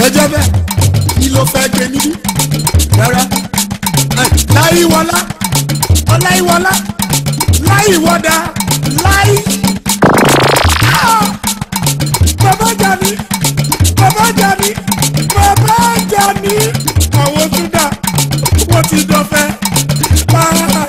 kọjá bẹ́ẹ̀ kí ló fẹ́ gbé níbí rárá láìwọlá ọláìwọlá láìwọdà láì. Ah! bàbá jà mí bàbá jà mí bàbá jà mí àwọn tún dà wọ́n ti dọ̀fẹ́ pàrọ̀.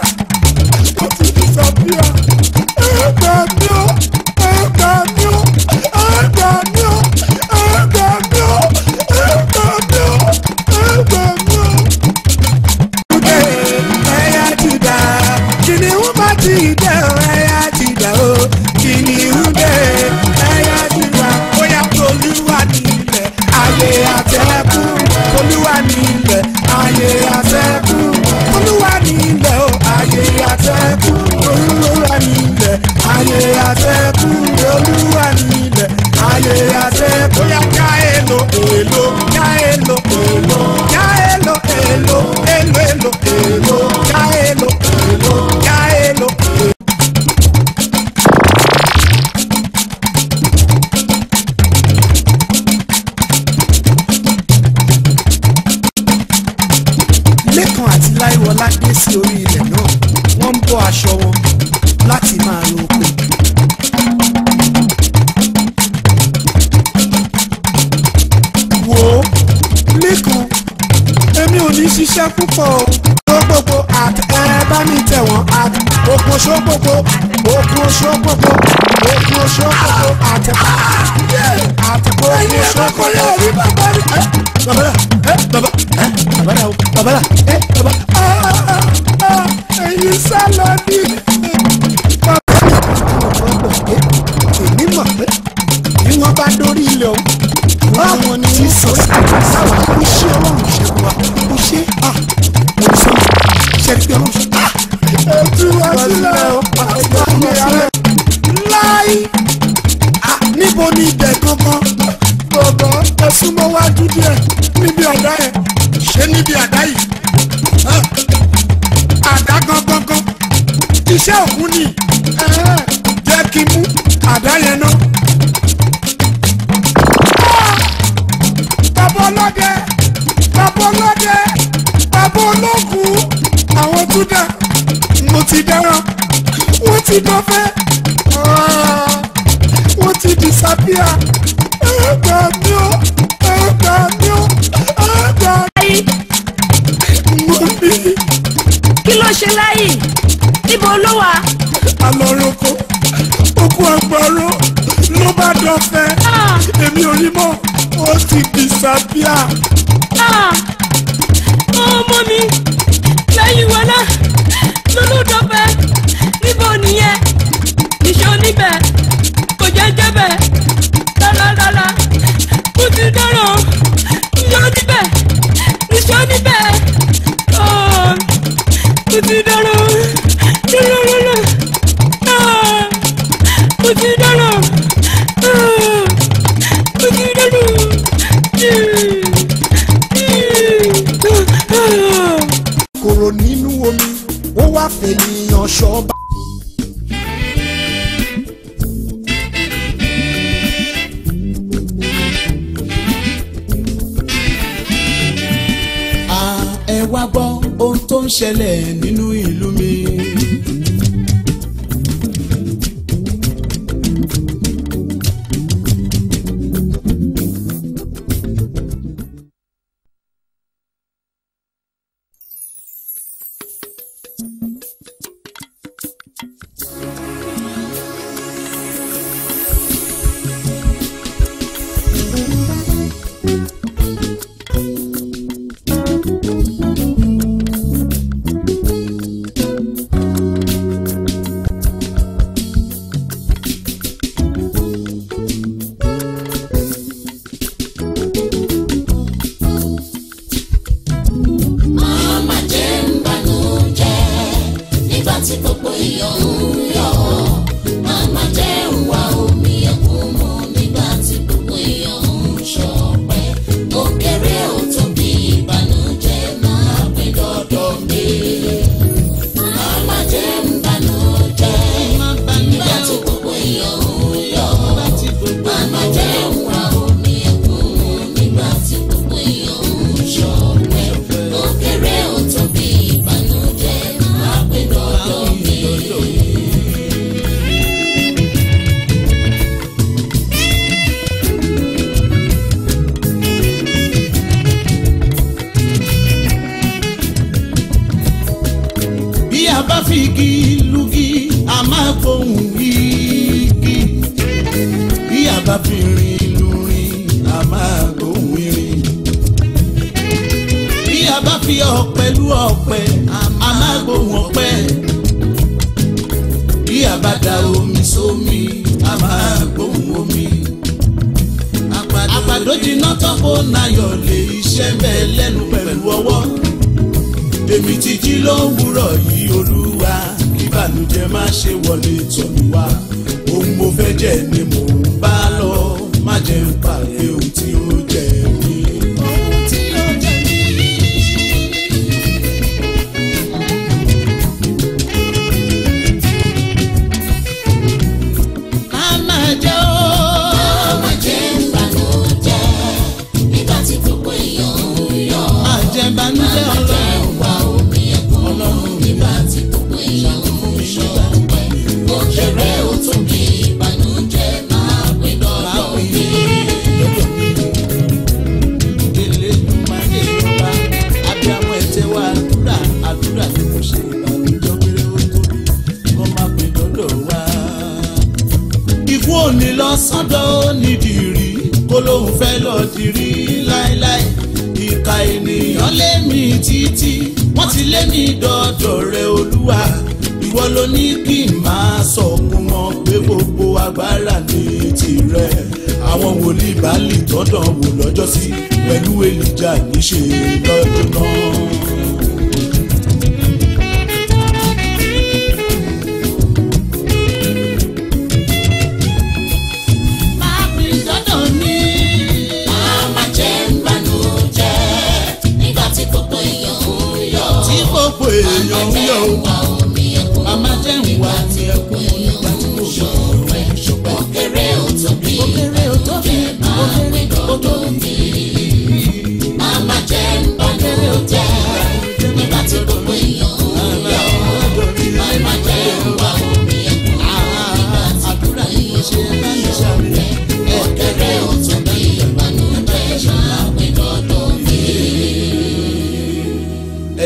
ti ṣiṣẹ́ púpọ̀ ṣókòkò at ẹ bá mi tẹ̀ at okun ṣókòkò okun ṣókòkò okun ṣókòkò at àtẹ̀kọ́ okun ṣókòkò. babala babala babala babala ẹyin sálọ ni.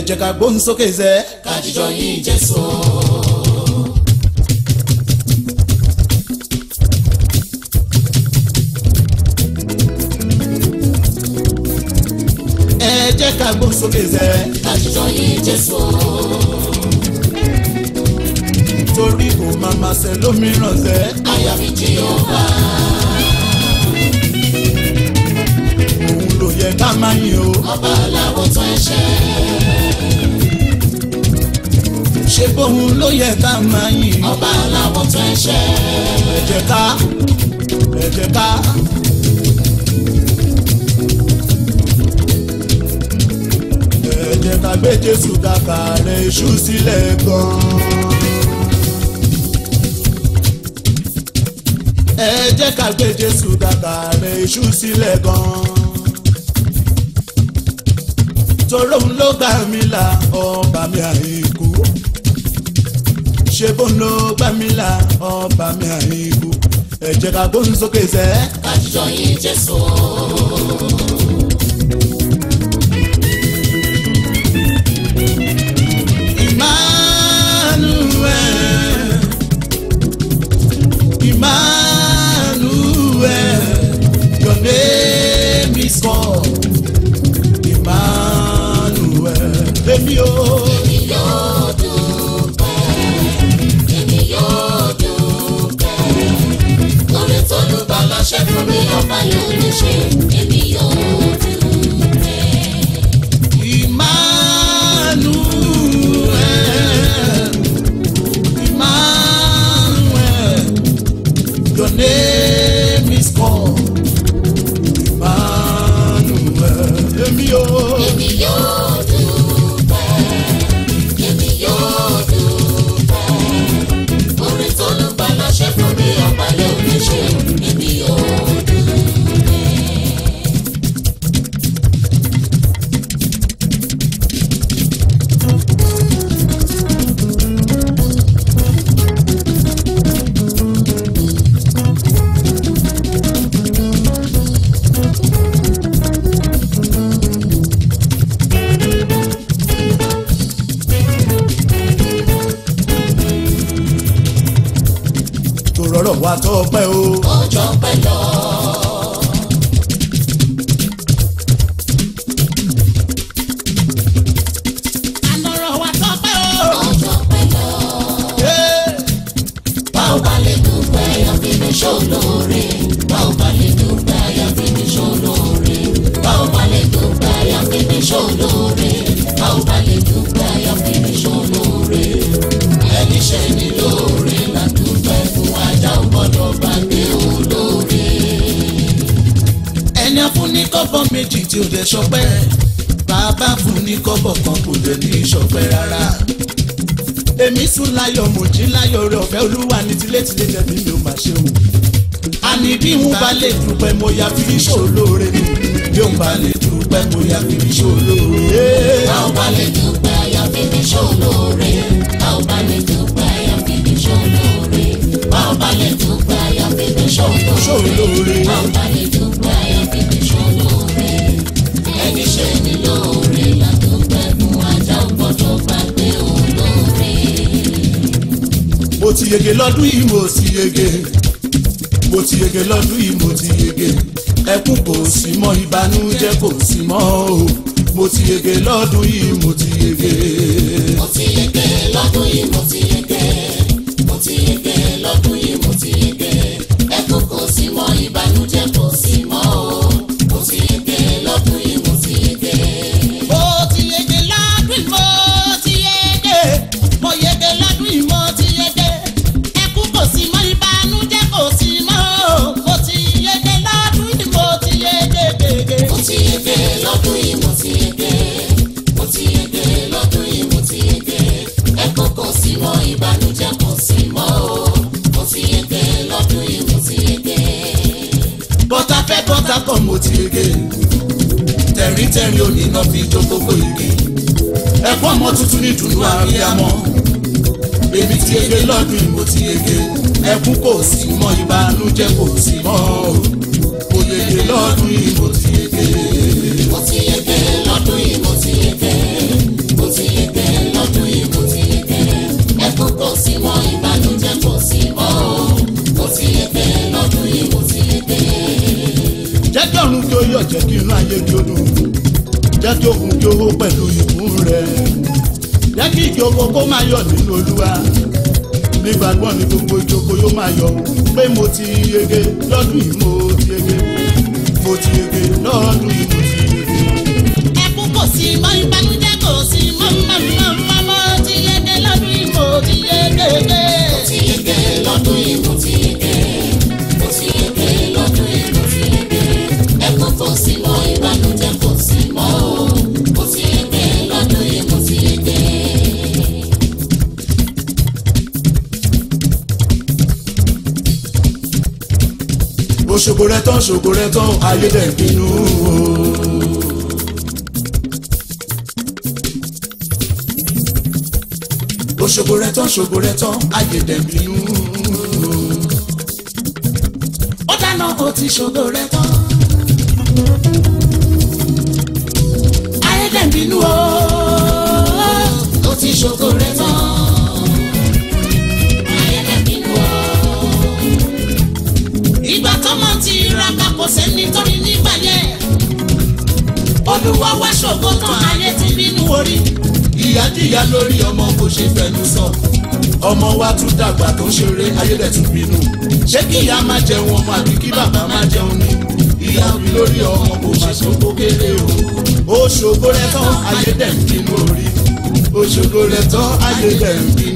jẹ́ ká gbóhùn sókè zẹ́. ká jíjọ yín Jésù. ẹ jẹ́ ká gbóhùn sókè zẹ́. ká jíjọ yín Jésù. torí kò máa máa ṣe lómìíràn zẹ́. jẹ́ ká máa yìn. ọba aláwọ̀ tó ń ṣe. ẹ jẹ́ ká ẹ jẹ́ ká. ẹ jẹ́ ká gbé Jésù kàkà rẹ̀ iṣu sílẹ̀ gan-an. ẹ ká gbé Jésù kàkà rẹ̀ iṣu sílẹ̀ gan-an ń ló gbà ọba mi àìkú ṣe bó ń lo gbàmílà ọba mi àìkú ẹ jẹ́ ká gbóhùn sókè sẹ́. ká jọ yìn Jésù. ṣe fún mi ọba yóò lè ṣe èmi yóò. ṣolóore bá ò bá lè dúpẹ́ àyà fi mi ṣolóore bá ò bá lè dúpẹ́ àyà fi mi ṣolóore bá ò bá lè dúpẹ́ àyà fi mi ṣolóore ẹni ṣe ni lóore la dúpẹ́ fún ajá ò gbọ́dọ̀ bá gbé olóore. ẹni afúnni kọ́bọ̀ méjì tí ò dẹ̀ sọpẹ́ bàbá fún ní kọ́bọ̀ kan kò dẹ̀ ní sọpẹ́ rárá èmi sùn láyọ̀ mo jí láyọ̀ rẹ̀ ọ̀fẹ́ olúwa ní tilé tilé tẹ̀mí mi ò máa ṣe o. àní bí n bá lè dúpẹ́ mo yá fi ní ṣòlóore ni bí n bá lè dúpẹ́ mo yá fi ní ṣòlóore. a ò bá lè dúpẹ́ yá fi ní ṣòlóore a bá lè dúpẹ́ yá fi ní ṣòlóore a bá lè dúpẹ́ yá fi ní ṣòlóore a bá lè dúpẹ́ yá fi ní ṣòlóore ẹni ṣe ni lóore. mo ti yege lọ́dún yìí mo ti yege mo ti yege lọ́dún yìí mo ti yege ẹkún kò sí mọ́ ìbànújẹ́ kò sí mọ́ o mo ti yege lọ́dún yìí mo ti yege. mo ti yege lọ́dún yìí mo ti yege mo ti yege lọ́dún yìí mo ti yege ẹkún kò sí mọ́ ìbànújẹ́ kò sí. lónìí náà fi jó gbogbo ìrìn ẹ̀kọ́ ọmọ tuntun ní dùnú àríyámọ́ èmi ti ege lọ́dún ìmọ̀ ti ege ẹkún kò sí mọ́ ìbànújẹ́ kò sí mọ́ mo yege lọ́dún ìmọ̀ ti ege. mo ti yege lọ́dún ìmọ̀ ti ege mo ti yege lọ́dún ìmọ̀ ti ege ẹkún kò sí mọ́ ìbànújẹ́ kò sí mọ́ mo ti yege lọ́dún ìmọ̀ ti ege. jẹ́ kí ọ̀run kí ó yọ̀ jẹ́ kí inú ayé kí ó dùn jẹ́ kí òkun kí owó pẹ̀lú ìkún rẹ̀ jẹ́ kí ìjókòó kó máa yọ̀ nínú olúwa nígbàgbọ́ ni gbogbo ìjókòó yóò máa yọ̀ pé mo ti yege lọ́dún yìí mo ti yege mo ti yege lọ́dún yìí. mo ṣògo rẹ tán ṣògo rẹ tán ayé dẹ̀ bínú o. ṣògo rẹ tán ṣògo rẹ tán ayé dẹ̀bi nù. ó dáná o ti ṣògo rẹ tán. ayé dẹ̀bi nù o. o ti ṣògo rẹ tán. sẹ́ni tó ní nígbàdẹ́ olúwa wá ṣògo tán ayé ti bínú orí. ìyájíyá lórí ọmọ kò ṣe fẹnu sọ ọmọ wa tún dàgbà tó ṣeré ayé dẹ̀ tún bínú ṣé kí ìyá má jẹun ọmọ àbí kí bàbá má jẹun ni ìyá mi lórí ọmọ kò má ṣògo kéré o ó ṣògo rẹ tán ayé dẹ̀ ń bínú orí ó ṣògo rẹ tán ayé dẹ̀ ń bínú.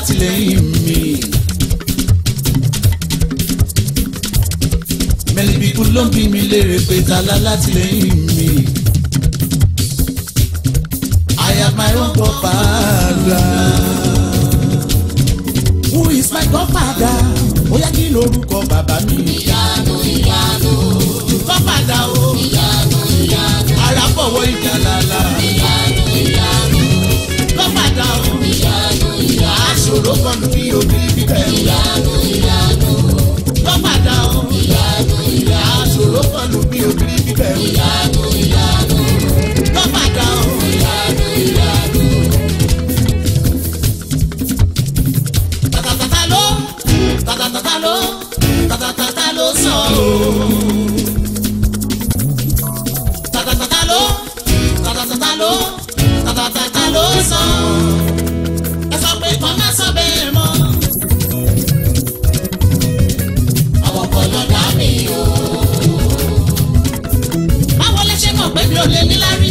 alátìlẹ́yìn mi. mẹ́lìbíkú ló ń bí mi léèrè pé ta lálátìlẹ́yìn mi. tàtàtà ló tàtàtà ló sàn ẹ sọ pé kàn má sọ bẹ́ẹ̀ o. báwo lẹ ṣe mọ̀ pé mi ò lè níláárí.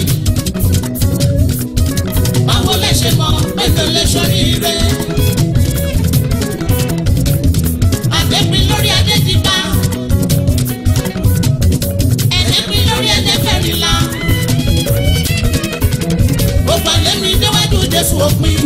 báwo lẹ woke me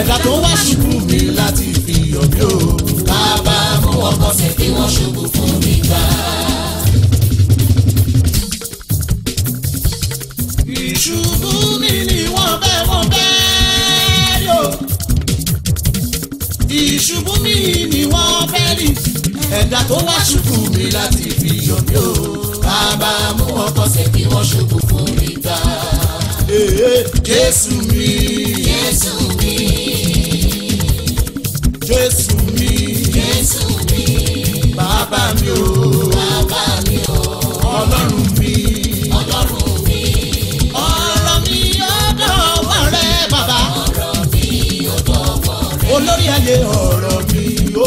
ẹ̀dá tó wá ṣubú mi láti fi ọ̀bí o. bàbá mú ọkọ sí kí wọ́n ṣubú fún mi gbà. ìṣubú mi ni wọ́n bẹ́ wọ́n bẹ́ yò. ìṣubú mi ni wọ́n bẹ́ rí. ẹ̀dá tó wá ṣubú mi láti fi ọ̀bí o. bàbá mú ọkọ sí kí wọ́n ṣubú fún mi gbà. Jésù mi. Jésù mi. bàbá mi o. bàbá mi o. ọlọ́run mi. ọlọ́run mi. ọ̀rọ̀ mi ọ̀dọ̀ ọwọ́ rẹ bàbá. ọ̀rọ̀ mi ọ̀dọ̀ ọwọ́ rẹ. olórí ayé ọ̀rọ̀ mi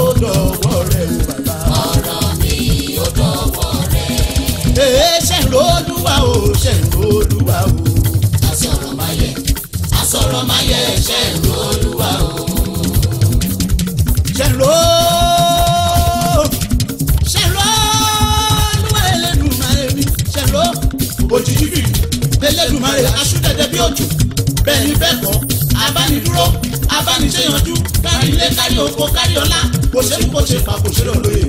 ọ̀dọ̀ ọwọ́ rẹ o bàbá. ọ̀rọ̀ mi ọ̀dọ̀ ọwọ́ rẹ. èé ṣẹ̀rọ olúwa o ṣẹ̀rọ olúwa o. àsọ̀rọ̀ máa yẹ àsọ̀rọ̀ máa yẹ ṣẹ̀rọ olúwa o. ṣẹ̀rọ olúwa o. òjò bẹ́ẹ̀ ni bẹ́ẹ̀ kọ́ abánidúró abániṣẹ́yanjú kárí ilé kárí oko kárí ọlá kò ṣerú kò ṣe fà kò ṣeré olóye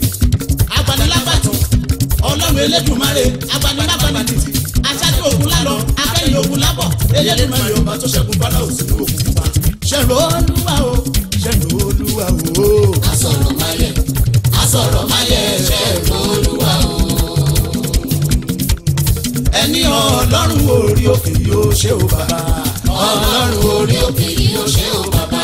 agbanilábàtàn ọlọ́run elédùnmáre agbanilábàtìtì aṣáájú òkun lálọ akẹ́yìn òkun lábọ̀ eyédèmọ̀ yorùbá tó ṣẹ́gun bọ́lá òsínú òkun pupa ṣẹ̀rọ orí òkè yóò ṣe ó bàbá. ọlọ́run orí òkè yóò ṣe ó bàbá.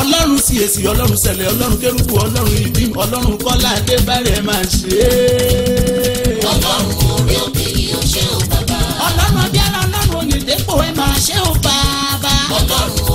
ọlọ́run sí èsì ọlọ́run sẹlẹ̀ ọlọ́run kérúbù ọlọ́run ìdím ọlọ́run kọ́lá adébárẹ̀ máa ṣe é. ọlọ́run orí òkè yóò ṣe ó bàbá. ọlọ́run abíára ọlọ́run onídẹ́pọ̀ ẹ máa ṣe ó bàbá. ọlọ́run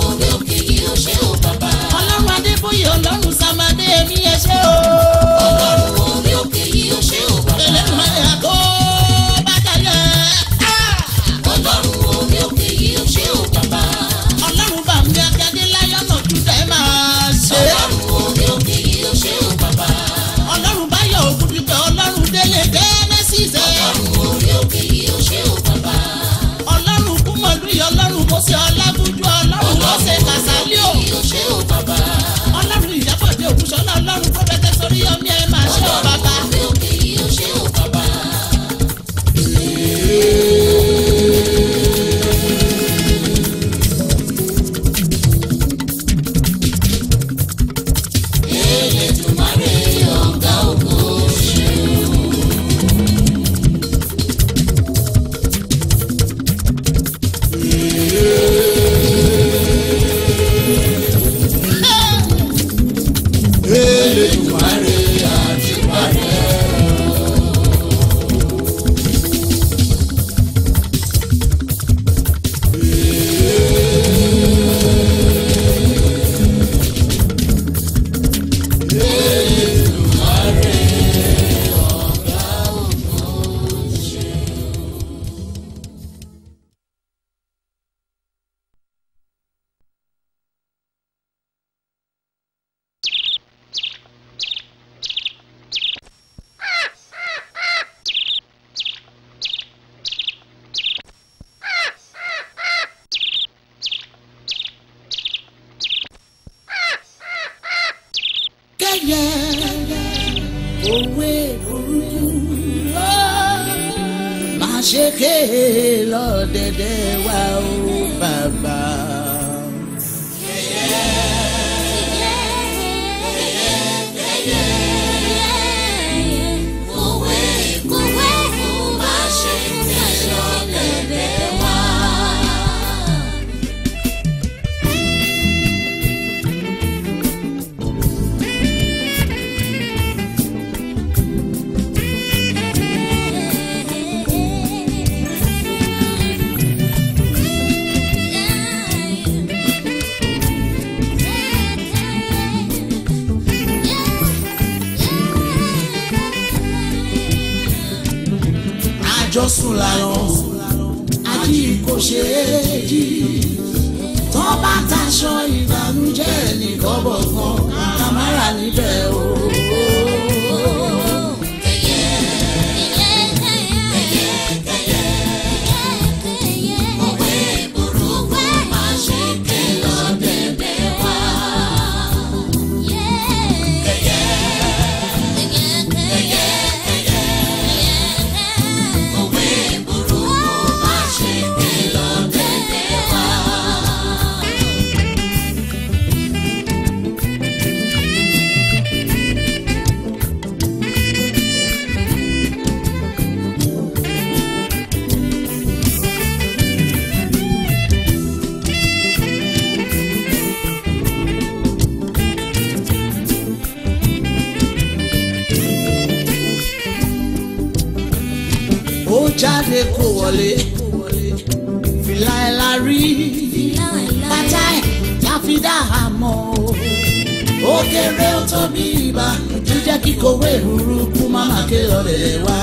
àjọsùn lànà ají kò ṣe é jí tó bá taṣọ ìbànújẹ́ nìkan bọ̀ kan kàmárà níbẹ̀ o. sọ bí ibà jíjẹ́ kíkówé rúrú kú má má ké ọ̀rẹ́ wá.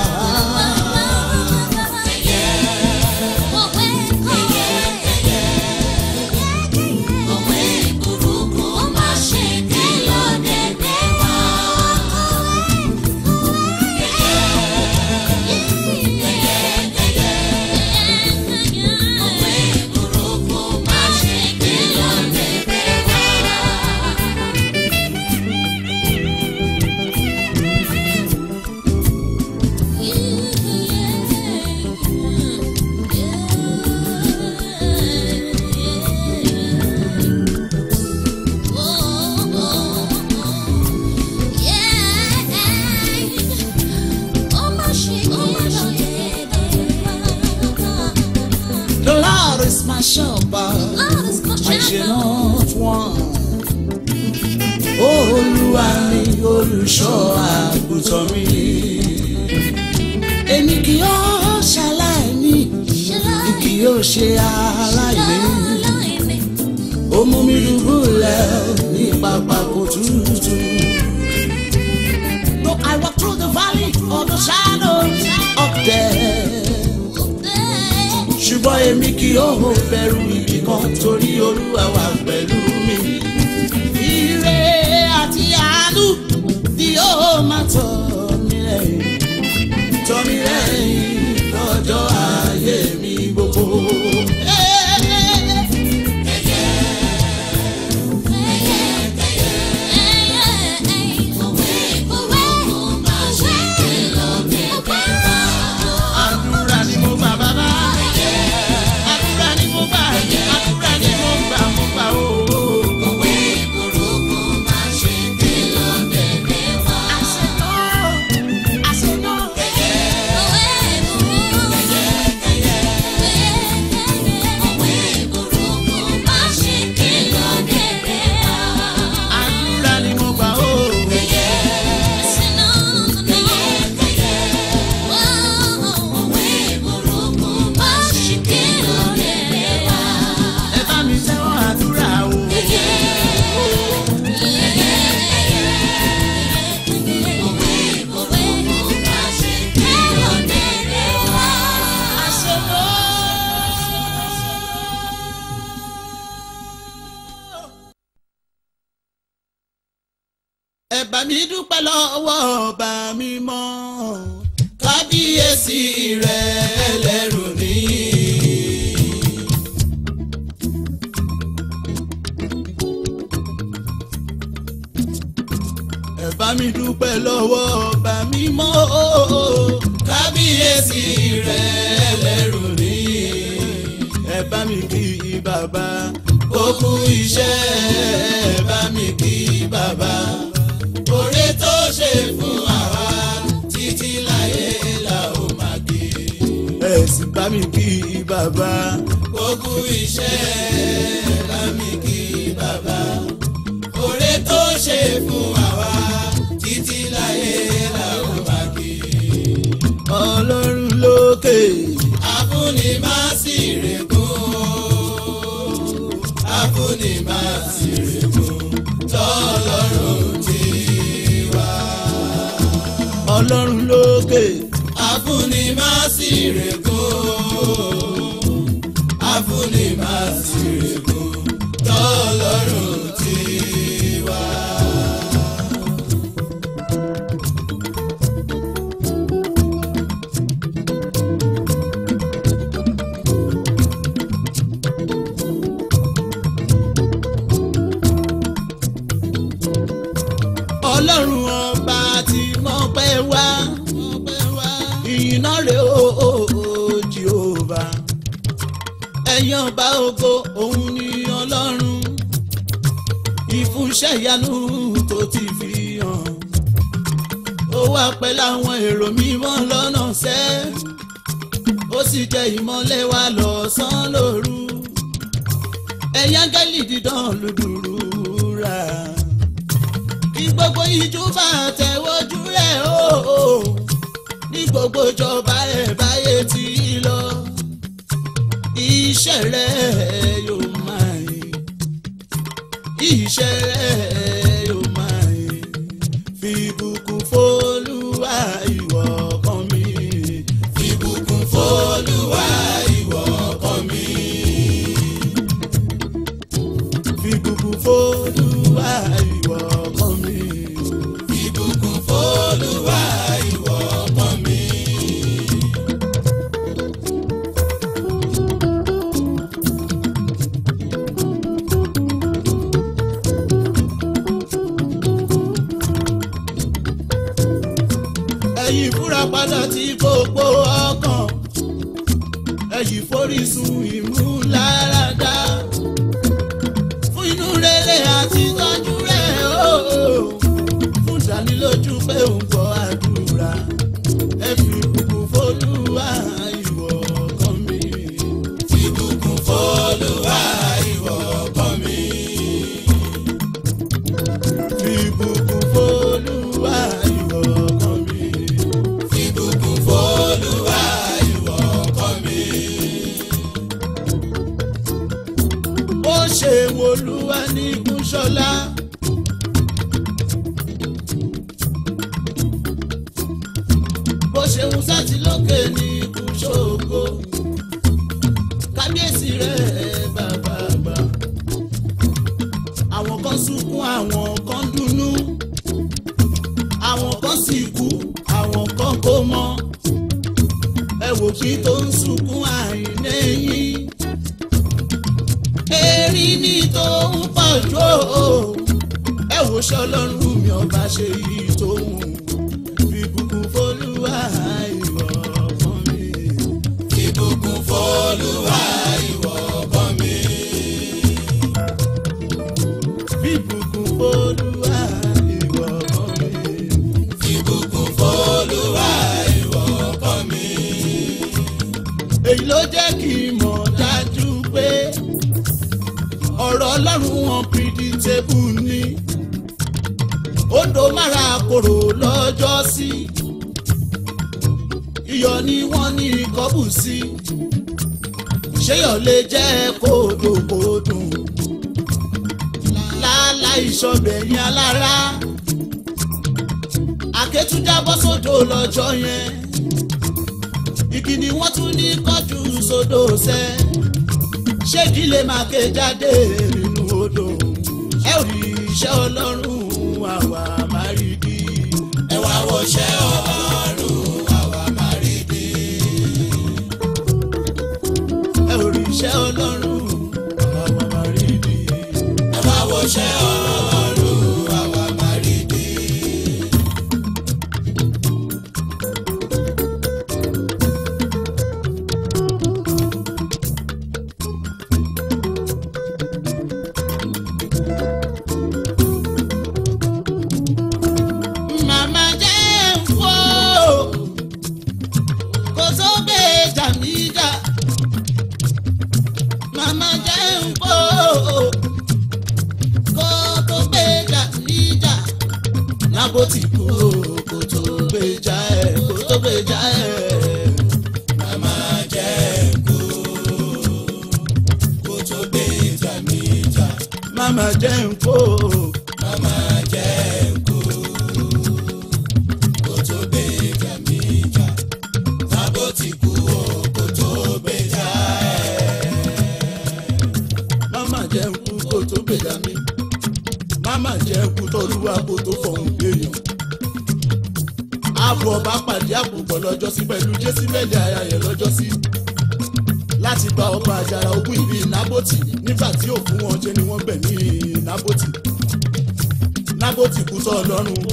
ó kú iṣẹ́ bá mi kí bàbá oore tó ṣe fún àwa títí láyé la ó máa kí. ẹ sì bá mi kí bàbá. ó kú iṣẹ́ bá mi kí bàbá oore tó ṣe fún àwa títí láyé la ó máa kí. ọlọ́run lókè. àfúnni máa sí. lókè. àfúnni má sì rèkó àfúnni má sì rèkó tọ́ lọ́rùn. àyálù tó ti fi hàn ó wà pẹ̀lú àwọn èrò mímọ́ lọ́nà sẹ́ ó sì jẹ́ ìmọ́lẹ̀ wa lọ́sàn-án lóru ẹ̀yà gẹ́lì dídán lùdùrú rà kí gbogbo ìjú bá tẹ̀wọ́jú ẹ̀ o ní gbogbo ìjọba ẹ̀ báyé ti lọ iṣẹ́ rẹ̀. ṣeun sátìlókè ní ikú ṣògo kábíyèsí rẹ̀.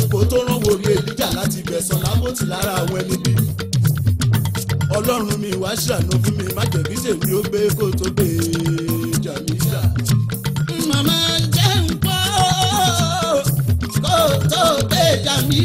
àsìkò tó rán wòlíì èlíjà láti gbẹ̀sán lámòtì lára àwọn ẹni bí. ọlọ́run mi wá ṣàánú fún mi má jẹ̀bi ṣèwí ó gbé kó tó gbé jà mí jà. màmá jẹ́ ń pọ́ kó tó gbé jà mí.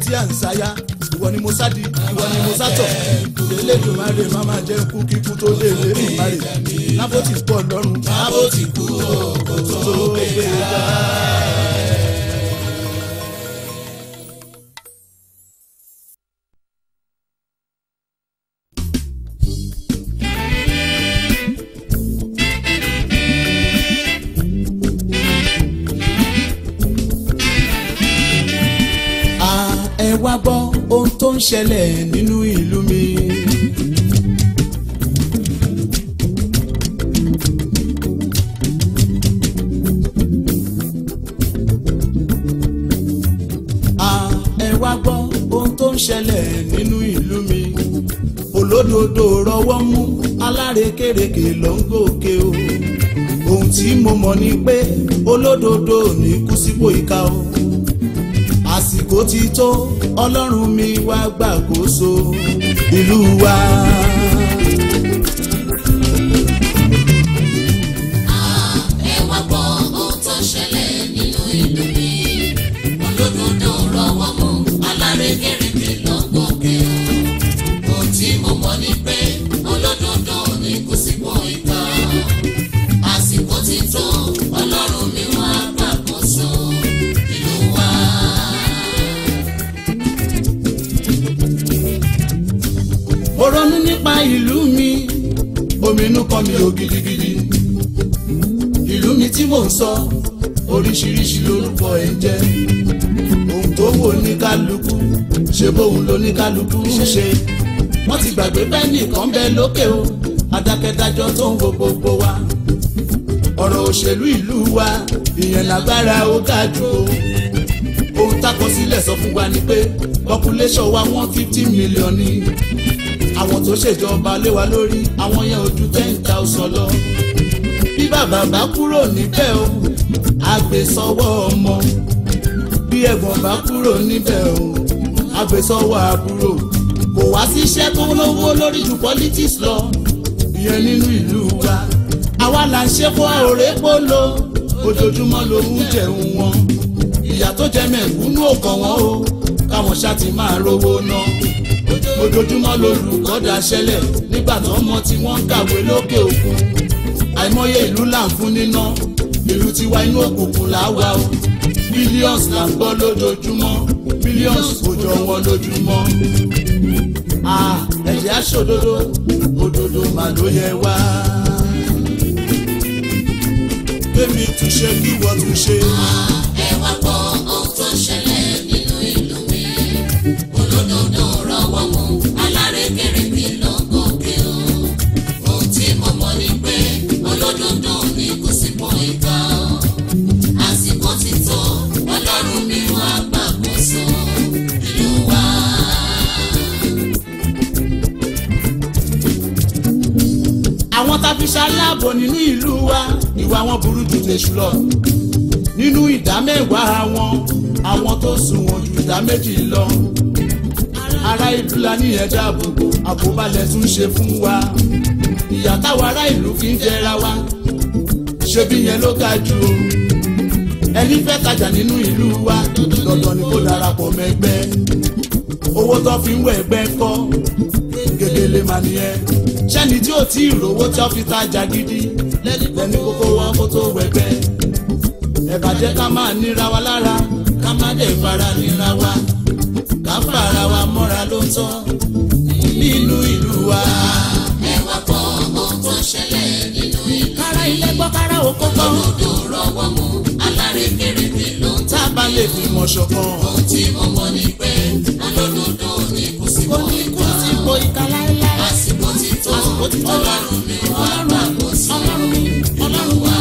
tí à ń sáyà ìwọ ni mo sádi ìwọ ni mo sátọ̀ ìdílédò má rè má máa jẹ́ kú kíkú tó lè lé mi rè lábó pọ̀ lọ́rùn lábó ti kú òkòtò gbéra. ń ṣẹlẹ̀ nínú ìlú mi. à ẹ wá gbọ́ ohun tó ń ṣẹlẹ̀ nínú ìlú mi. olódodo rọwọ́ mú alárekereke ló ń gòkè o. ohun tí mo mọ̀ ni pé olódodo ò ní kú sípò ìka o àsìkò ti tó ọlọ́run mi wá gbàkóso ìlú wa. mo ronú nípa ìlú mi ominú kọ mi ò gidigidi ìlú mi tí mò ń sọ oríṣiríṣi lórúkọ ẹ̀ jẹ́ ohun tó wò ní kálukú ṣe bóun ló ní kálukú ń ṣe wọ́n ti gbàgbé bẹ́ẹ̀ nìkan bẹ́ẹ̀ lókè o adákẹ́dájọ́ tó ń wo gbogbo wa ọ̀rọ̀ òṣèlú ìlú wa ìyẹn lágbára ó ga jù o ohun tákọ sílẹ̀ sọ fún wa ni pé population wa one fifty million ni àwọn tó ṣèjọba lé wa lórí àwọn yẹn ò ten thousand lọ bí bàbá bá kúrò níbẹ̀ o àgbèsọ́wọ́ ọmọ bí ẹ̀gbọ́n bá kúrò níbẹ̀ o àgbèsọ́wọ́ àbúrò kò wá síṣẹ́ tó lórí ju politics lọ ìyẹn nínú ìlú wa àwa là ń ṣe fún àòrè polo ojoojúmọ́ lòún jẹun wọn ìyà tó jẹ mẹ̀kúnnù ò kàn o káwọn ṣá ti máa rówó ná ojoojúmọ́ lolùkọ́ daṣẹ́lẹ̀ nígbà tó mọ tí wọ́n ń kàwé lókè òkun àìmọye ìlú là ń fún níná ìlú tiwa inú òkùnkùn là wà o billions là ń gbọ́ lójoojúmọ́ billions kò jọ wọn lójúmọ́ ẹ̀jẹ̀ aṣòdodo òdodo mà ló yẹ wá. Bẹ́ẹ̀ni túnṣe kí wọ́n túnṣe. èṣù lọ nínú ìdá mẹ́wàá wọn àwọn tó sunwọ̀n ju ìdá méjì lọ ará ìlú la ní ẹ̀dá àbòbò àbòbalẹ̀ tún ṣe fún wa ìyà táwọn ará ìlú fi ń jẹra wa ṣebí yẹn ló ga jù o ẹni fẹ́ tajà nínú ìlú wa dandan ni kó darapọ̀ mẹ́gbẹ́ owó tó fi ń wẹ̀ ẹgbẹ́ kọ́ gegele mà nìyẹn. sẹ́ni tí ò tí ì rówó tí ó fi tajà gidi lẹ́ni kókó wọ́n kó tó wẹ̀gbẹ́. ẹ̀bà jẹ́ ká máa níra wa lára ká má dẹ̀ fara níra wa ká fara wa mọ́ra ló ń tọ́ nínú ìlú wa. ẹ wá kọ́ ọmọ tó ṣẹlẹ̀ nínú ìlú. kára ilé gbọ́ kára òkó kọ́. olódò rọwọ́ mu alárèékérekè ló ń tà. tábà lè fi mọ̀ ṣọ̀kan. ohun tí mo mọ̀ ni pé olódò ìka láéláé. àsìkò ti tó ọlọ́run mi ọlọ́run àkóso ọlọ́run mi ọlọ́run wá.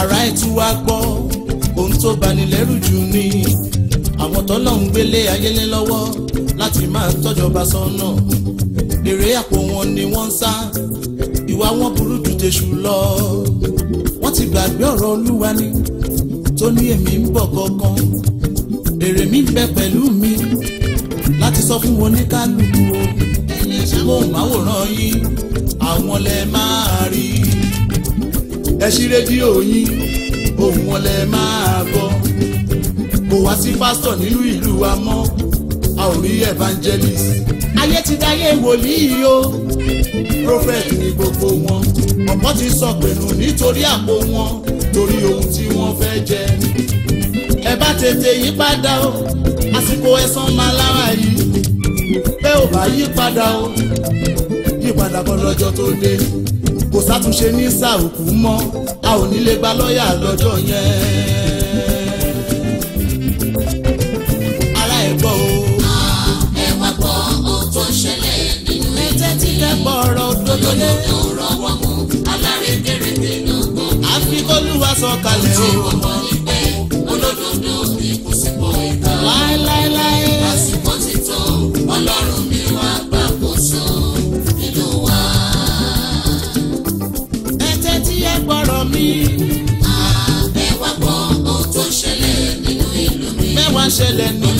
ara ètò wa gbọ́ ohun tó bani lẹ́rù jù ni àwọn tọ́lọ́hún gbélé ayélé lọ́wọ́ láti máa tọ́jọba sọ́nà èrè àpò wọn ni wọ́n ń sá ìwà wọn burú jù tèṣù lọ wọ́n ti gbàgbé ọ̀rọ̀ olúwa ni tó ní èmi ń bọ̀ gangan èrè mi bẹ pẹ̀lú mi láti sọ fún oníkálukú o mo máwòrán yín àwọn lẹ máa rí ẹ ṣí rédíò yín ohùn wọn lẹ máa gbọ́ kò wá sí pásítọ̀ nínú ìlú wa mọ́ a ò rí evangelist ayé ti dáyé wòlíì o prophet ni gbogbo wọn ọ̀pọ̀ ti sọ pẹ̀lú nítorí àpò wọn torí ohun tí wọ́n fẹ́ jẹ. ẹ bá tètè yí padà o àsìkò ẹ̀san máa lára yìí bẹ́ẹ̀ ò bá yí padà o yí padà bọ́ lọ́jọ́ tó dé kò sátúnṣe ní sàòkú mọ́ a ò ní gba lọ́ọ̀yà lọ́jọ́ yẹn. ṣẹlẹ̀ nínú ilé tí ẹ bọ̀rọ̀ òdodo lé olúwa sọ̀kalẹ̀ o. ìdí gbogbo ni pé olódùndún ìkùsìpò ìta. láéláéláé. àsìkò ti tó ọlọ́run mi wá gbàkóso nínú wa. ẹ tẹ́tí ẹ gbọ́rọ̀ mi. àbẹ̀wá gbọ́ ohun tó ń ṣẹlẹ̀ nínú ìlú mi. mẹ́wàá ṣẹlẹ̀ nínú.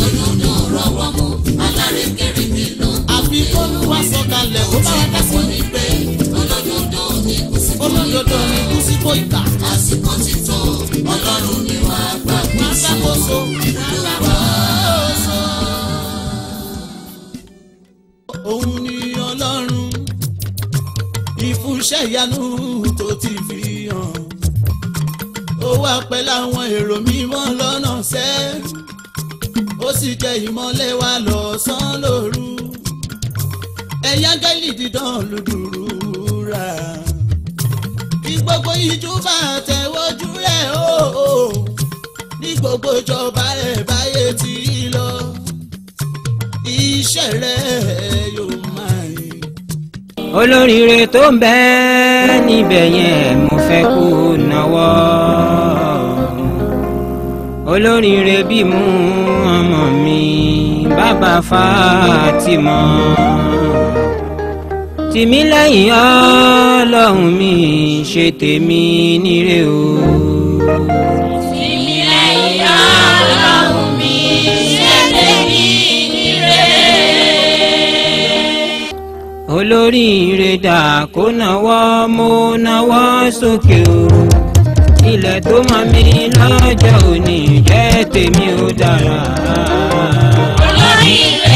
iṣẹ́ ìyanu tó ti fi hàn ó wà pẹ̀lú àwọn èrò mímọ́ lọ́nà ṣẹ́ ó sì jẹ́ ìmọ́lẹ̀ wa lọ́sàn-án lóru ẹ̀yà gẹ́lì dídán lùdùrúra kí gbogbo ìjú bá tẹ̀wọ́jú rẹ̀ o ní gbogbo ìjọba rẹ̀ báyé ti lọ iṣẹ́ rẹ̀ yóò olóríire tó ń bẹ níbẹ̀ yẹn mo fẹ́ kó náwó olóríire bí mú ọmọ mi bàbá Fatima tìmí lẹ́yìn ọlọ́run mi ṣe tèmi níre o. olóríire dà kó nawọ́ mo nawọ́ sókè o ilẹ̀ tó mọ̀ mí lọ́jọ́ òní jẹ́ tèmi ó dára. olóríire.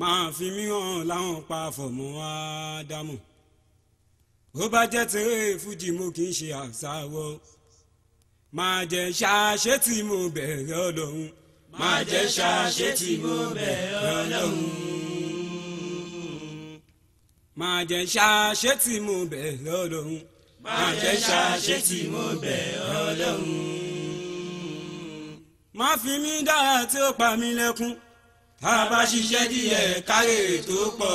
máa fi mí hàn láwọn pa fọ̀mọ́ ádámù bó bá jẹ́ tèrè fújì mo kì í ṣe àṣàwọ̀ máa jẹ ṣáṣẹ́ tí mo bẹ̀rẹ̀ ọlọ́run máa jẹ ṣáṣẹ́ tí mo bẹ̀rẹ̀ ọlọ́run máa jẹ ṣáṣẹ́ tí mo bẹ̀rẹ̀ ọlọ́run máa jẹ ṣáṣẹ́ tí mo bẹ̀rẹ̀ ọlọ́run má fi mí dára tí ó pa mí lẹ́kún tá a bá ṣiṣẹ́ díẹ̀ kárèrè tó pọ̀.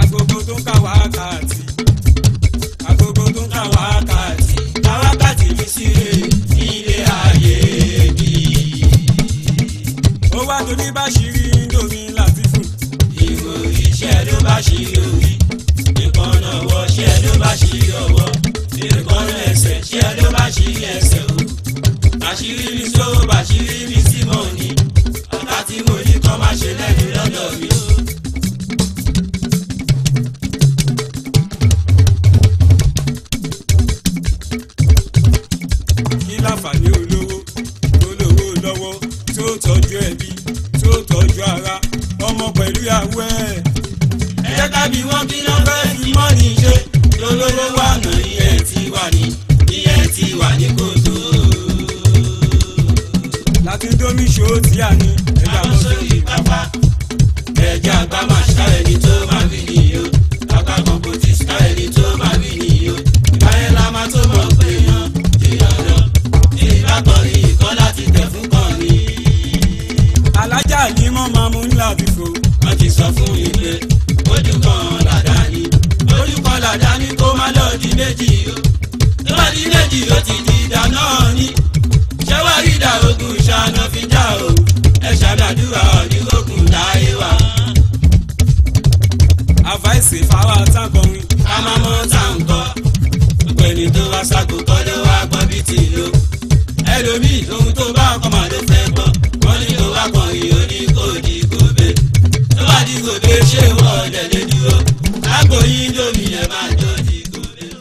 agogo tó ń ka wákàtí agogo tó ń ka wákàtí ká wákàtí mi síre ilé ayé bí. ó wá torí bá ṣì rí indomi láti fún. ìwò iṣẹ́ ló bá ṣì lórí ìkànnà wọṣẹ́ ló.